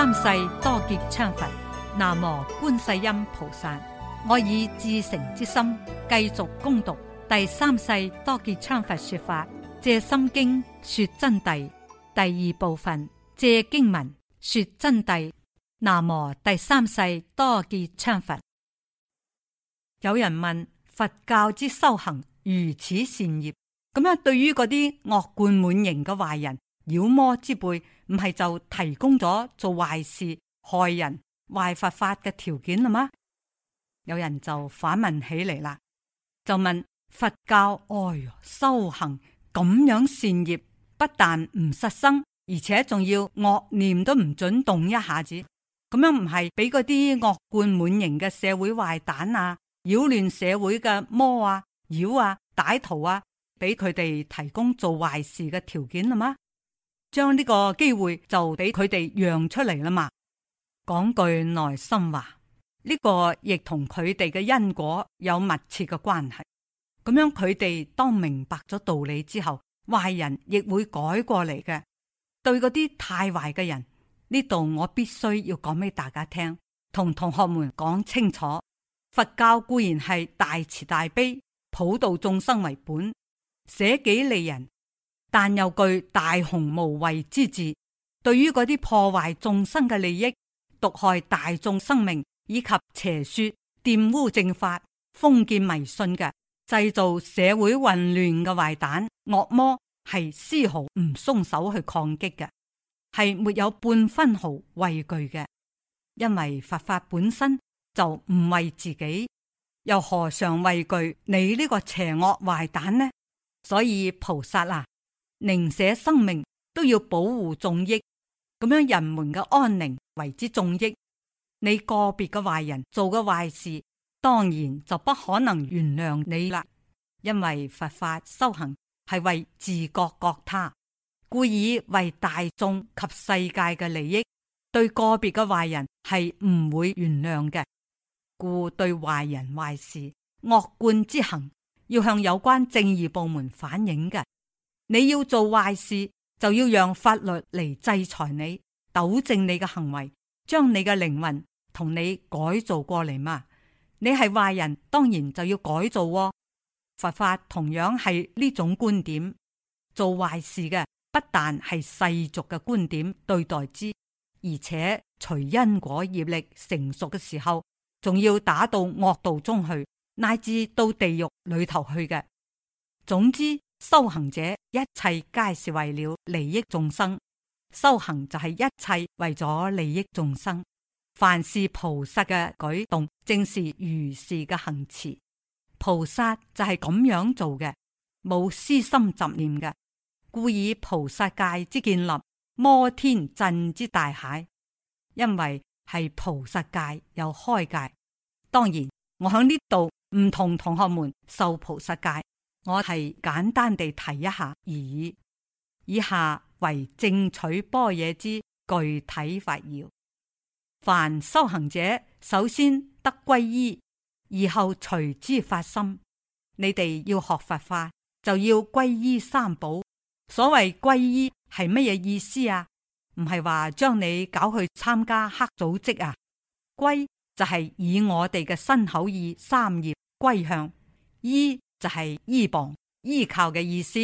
三世多杰羌佛，南無觀世音菩薩。我以至誠之心，繼續恭讀第三世多杰羌佛說法《藉心經》說真諦第二部分《藉經文說真諦》，南無第三世多杰羌佛。有人問佛教之修行如此善業，噉樣，對於嗰啲惡貫滿盈嘅壞人，妖魔之輩唔係就提供咗做壞事害人壞佛法嘅條件啦嗎？有人就反問起嚟啦，就問佛教：哎修行咁樣善業，不但唔殺生，而且仲要惡念都唔准動一下子，咁樣唔係俾嗰啲惡貫滿盈嘅社會壞蛋啊、擾亂社會嘅魔啊、妖啊、歹徒啊，俾佢哋提供做壞事嘅條件啦嗎？將呢個機會就俾佢哋讓出嚟啦嘛，講句內心話，呢個亦同佢哋嘅因果有密切嘅關係。咁樣佢哋當明白咗道理之後，壞人亦會改過嚟嘅。對嗰啲太壞嘅人，呢度我必須要講俾大家聽，同同學們講清楚，佛教固然係大慈大悲，普度眾生為本，捨己利人。但又具大雄無畏之志，對於嗰啲破壞眾生嘅利益、毒害大眾生命以及邪說、玷污正法、封建迷信嘅製造社會混亂嘅壞蛋、惡魔，係絲毫唔鬆手去抗擊嘅，係沒有半分毫畏懼嘅，因為佛法本身就唔為自己，又何嘗畏懼你呢個邪惡壞蛋呢？所以菩薩啊！寧捨生命都要保護眾益，咁樣人們嘅安寧為之眾益。你個別嘅壞人做嘅壞事，當然就不可能原諒你啦。因為佛法修行係為自覺覺他，故以為大眾及世界嘅利益，對個別嘅壞人係唔會原諒嘅。故對壞人壞事、惡貫之行，要向有關正義部門反映嘅。你要做壞事，就要讓法律嚟制裁你，糾正你嘅行為，將你嘅靈魂同你改造過嚟嘛。你係壞人，當然就要改造哦。佛法同樣係呢種觀點，做壞事嘅不但係世俗嘅觀點對待之，而且隨因果業力成熟嘅時候，仲要打到惡道中去，乃至到地獄裏頭去嘅。總之。修行者一切皆是為了利益眾生，修行就係一切為咗利益眾生。凡是菩薩嘅舉動，正是如是嘅行持。菩薩就係咁樣做嘅，冇私心雜念嘅，故以菩薩戒之建立摩天鎮之大海。因為係菩薩戒有開戒，當然我響呢度唔同同學們受菩薩戒。我係簡單地提一下而已。以下為正取般若之具體法要。凡修行者，首先得皈依，而後隨之發心。你哋要學佛法，就要皈依三寶。所謂皈依係乜嘢意思啊？唔係話將你搞去參加黑組織啊？皈就係以我哋嘅身口意三業歸向依。就係依傍、依靠嘅意思，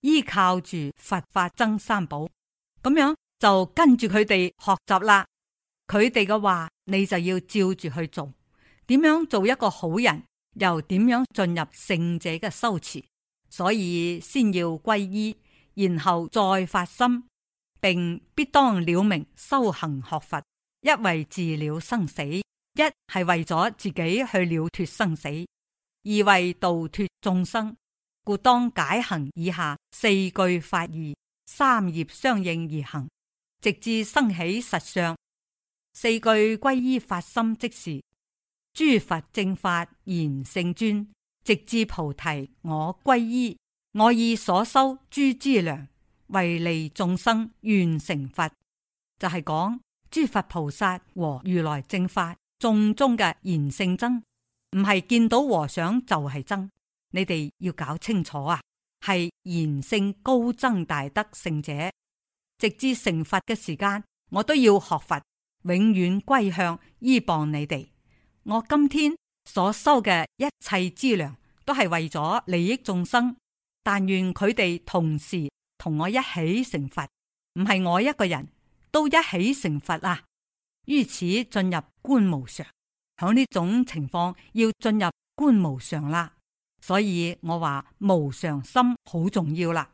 依靠住佛法僧三寶，咁樣就跟住佢哋學習啦。佢哋嘅話，你就要照住去做。點樣做一個好人，又點樣進入聖者嘅修持？所以先要皈依，然後再發心，並必當了明修行學佛，一為治了生死，一係為咗自己去了脫生死。而為度脱眾生，故當解行以下四句法義，三業相應而行，直至生起實相。四句歸依法心，即時諸佛正法言聖尊，直至菩提我歸依，我以所修諸資糧，為利眾生願成佛，就係講諸佛菩薩和如來正法眾中嘅言聖僧。唔係見到和尚就係僧，你哋要搞清楚啊！係賢聖高僧大德聖者，直至成佛嘅時間，我都要學佛，永遠歸向依傍你哋。我今天所收嘅一切資糧，都係為咗利益眾生，但願佢哋同時同我一起成佛，唔係我一個人都一起成佛啊！於此進入觀無常。喺呢種情況要進入觀無常啦，所以我話無常心好重要啦。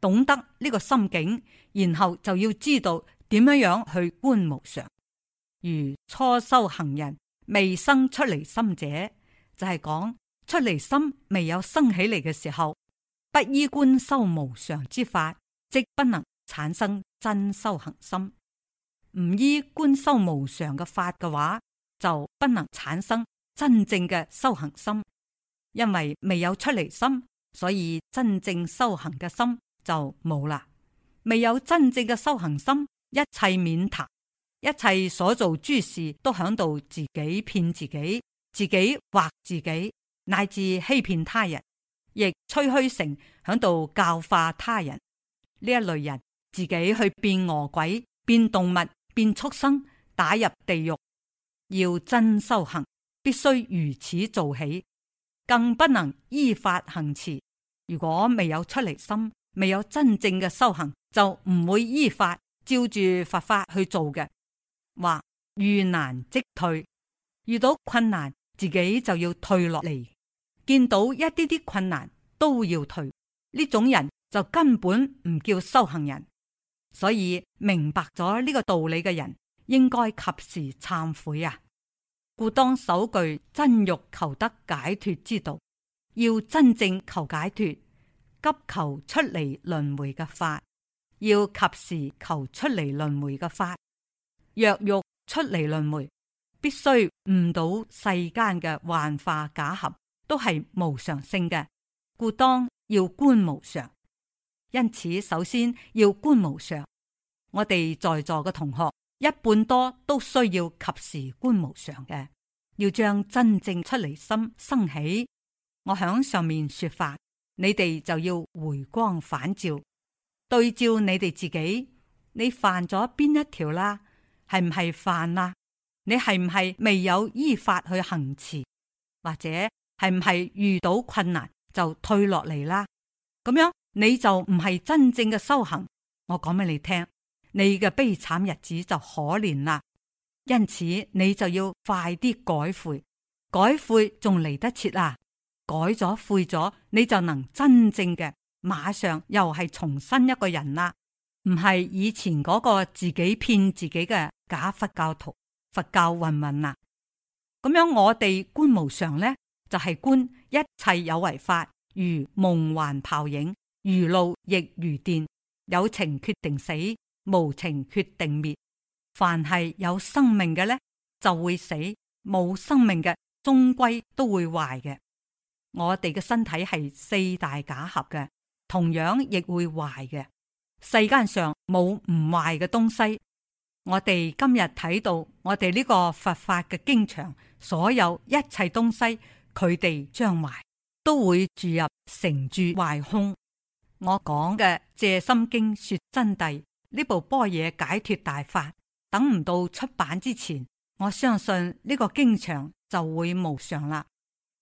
懂得呢個心境，然後就要知道點樣樣去觀無常。如初修行人未生出離心者，就係、是、講出離心未有生起嚟嘅時候，不依觀修無常之法，即不能產生真修行心。唔依觀修無常嘅法嘅話。就不能產生真正嘅修行心，因為未有出離心，所以真正修行嘅心就冇啦。未有真正嘅修行心，一切免談，一切所做諸事都響度自己騙自己，自己惑自己，乃至欺騙他人，亦吹噓成響度教化他人。呢一類人，自己去變餓鬼、變動物、變畜生，打入地獄。要真修行，必須如此做起，更不能依法行持。如果未有出離心，未有真正嘅修行，就唔會依法照住佛法，法去做嘅。話遇難即退，遇到困難自己就要退落嚟，見到一啲啲困難都要退，呢種人就根本唔叫修行人。所以明白咗呢個道理嘅人。應該及時懺悔啊！故當首句真欲求得解脫之道，要真正求解脫，急求出嚟輪迴嘅法，要及時求出嚟輪迴嘅法。若欲出嚟輪迴，必須悟到世間嘅幻化假合都係無常性嘅，故當要觀無常。因此，首先要觀無常。我哋在座嘅同學。一半多都需要及時觀無常嘅，要將真正出離心生起。我響上面說法，你哋就要回光返照，對照你哋自己，你犯咗邊一條啦？係唔係犯啦？你係唔係未有依法去行持，或者係唔係遇到困難就退落嚟啦？咁樣你就唔係真正嘅修行。我講俾你聽。你嘅悲慘日子就可憐啦，因此你就要快啲改悔，改悔仲嚟得切啦，改咗悔咗，你就能真正嘅馬上又係重新一個人啦，唔係以前嗰個自己騙自己嘅假佛教徒、佛教混混啦。咁樣我哋觀無常呢，就係、是、觀一切有為法如夢幻泡影，如露亦如電，有情決定死。無情決定滅，凡係有生命嘅，呢，就會死，冇生命嘅終歸都會壞嘅。我哋嘅身體係四大假合嘅，同樣亦會壞嘅。世間上冇唔壞嘅東西。我哋今日睇到我哋呢個佛法嘅經場，所有一切東西，佢哋將壞都會住入成住壞空。我講嘅《藉心經》說真諦。呢部般若解脫大法，等唔到出版之前，我相信呢個經場就會無常啦。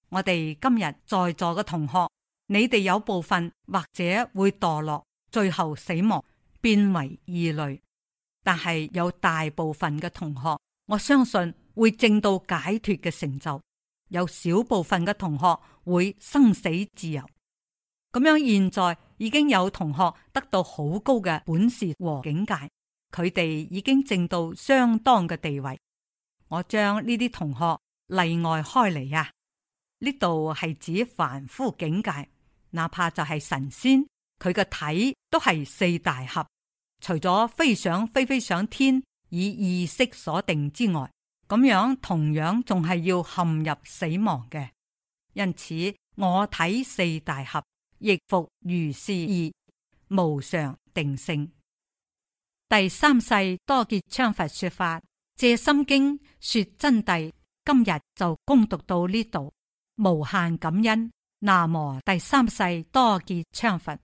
我哋今日在座嘅同學，你哋有部分或者會墮落，最後死亡，變為異類；但係有大部分嘅同學，我相信會證到解脫嘅成就。有小部分嘅同學會生死自由。咁樣，現在已經有同學得到好高嘅本事和境界，佢哋已經正到相當嘅地位。我將呢啲同學例外開嚟呀、啊。呢度係指凡夫境界，哪怕就係神仙，佢嘅體都係四大合，除咗飛上飛飛上天以意識所定之外，咁樣同樣仲係要陷入死亡嘅。因此，我睇四大合。亦復如是，意，無常定性。第三世多杰羌佛說法，借心經說真諦。今日就恭讀到呢度，無限感恩。南無第三世多杰羌佛。